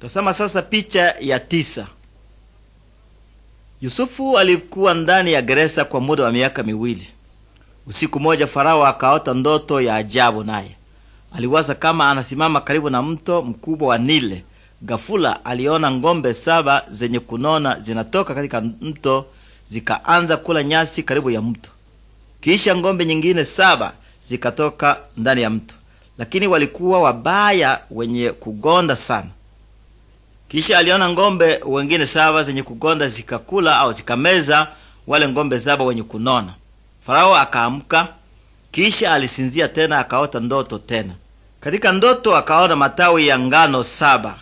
Tasama sasa picha ya tisa. Yusufu alikuwa ndani ya gereza kwa muda wa miaka miwili. Usiku moja Farao akaota ndoto ya ajabu, naye aliwaza kama anasimama karibu na mto mkubwa wa Nile. gafula aliona ng'ombe saba zenye kunona zinatoka katika mto zikaanza kula nyasi karibu ya mto. Kisha ng'ombe nyingine saba zikatoka ndani ya mto, lakini walikuwa wabaya wenye kugonda sana. Kisha aliona ng'ombe wengine saba zenye kugonda zikakula au zikameza wale ng'ombe saba wenye kunona. Farao akaamka, kisha alisinzia tena, akaota ndoto tena. Katika ndoto akaona matawi ya ngano saba,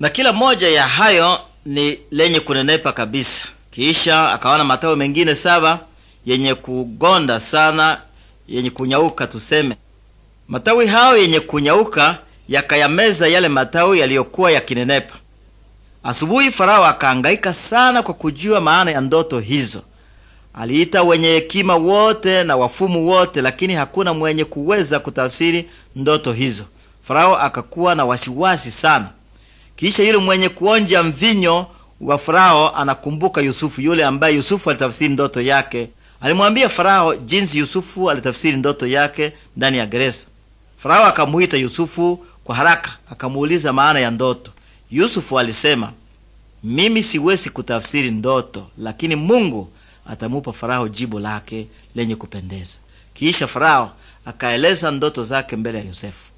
na kila moja ya hayo ni lenye kunenepa kabisa. Kisha akaona matawi mengine saba yenye kugonda sana, yenye kunyauka, tuseme matawi hayo yenye kunyauka yakayameza yale matawi yaliyokuwa yakinenepa. Asubuhi Farao akaangaika sana kwa kujua maana ya ndoto hizo. Aliita wenye hekima wote na wafumu wote, lakini hakuna mwenye kuweza kutafsiri ndoto hizo. Farao akakuwa na wasiwasi sana. Kisha yule mwenye kuonja mvinyo wa Farao anakumbuka Yusufu, yule ambaye Yusufu alitafsiri ndoto yake. Alimwambia Farao jinsi Yusufu alitafsiri ndoto yake ndani ya gereza. Farao akamuita Yusufu kwa haraka akamuuliza maana ya ndoto. Yusufu alisema, mimi siwezi kutafsiri ndoto, lakini Mungu atamupa Farao jibu lake lenye kupendeza. Kisha Farao akaeleza ndoto zake mbele ya Yosefu.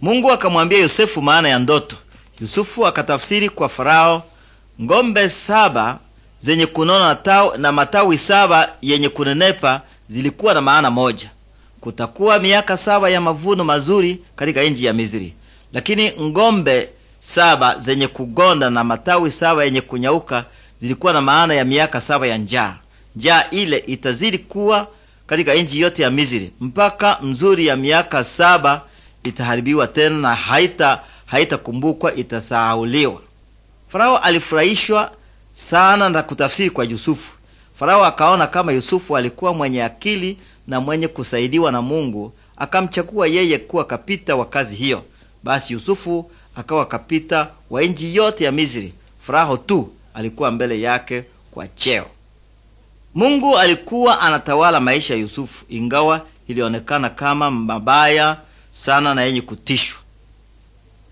Mungu akamwambia Yosefu maana ya ndoto. Yusufu akatafsiri kwa Farao ng'ombe saba zenye kunona na matawi saba yenye kunenepa zilikuwa na maana moja kutakuwa miaka saba ya mavuno mazuri katika nchi ya Misri, lakini ngombe saba zenye kugonda na matawi saba yenye kunyauka zilikuwa na maana ya miaka saba ya njaa. Njaa ile itazidi kuwa katika nchi yote ya Misri mpaka mzuri ya miaka saba itaharibiwa tena na haita haitakumbukwa, itasahauliwa. Farao alifurahishwa sana na kutafsiri kwa Yusufu. Farao akaona kama Yusufu alikuwa mwenye akili na mwenye kusaidiwa na Mungu akamchagua yeye kuwa kapita wa kazi hiyo. Basi Yusufu akawa kapita wa nchi yote ya Misri. Faraho tu alikuwa mbele yake kwa cheo. Mungu alikuwa anatawala maisha ya Yusufu, ingawa ilionekana kama mabaya sana na yenye kutishwa.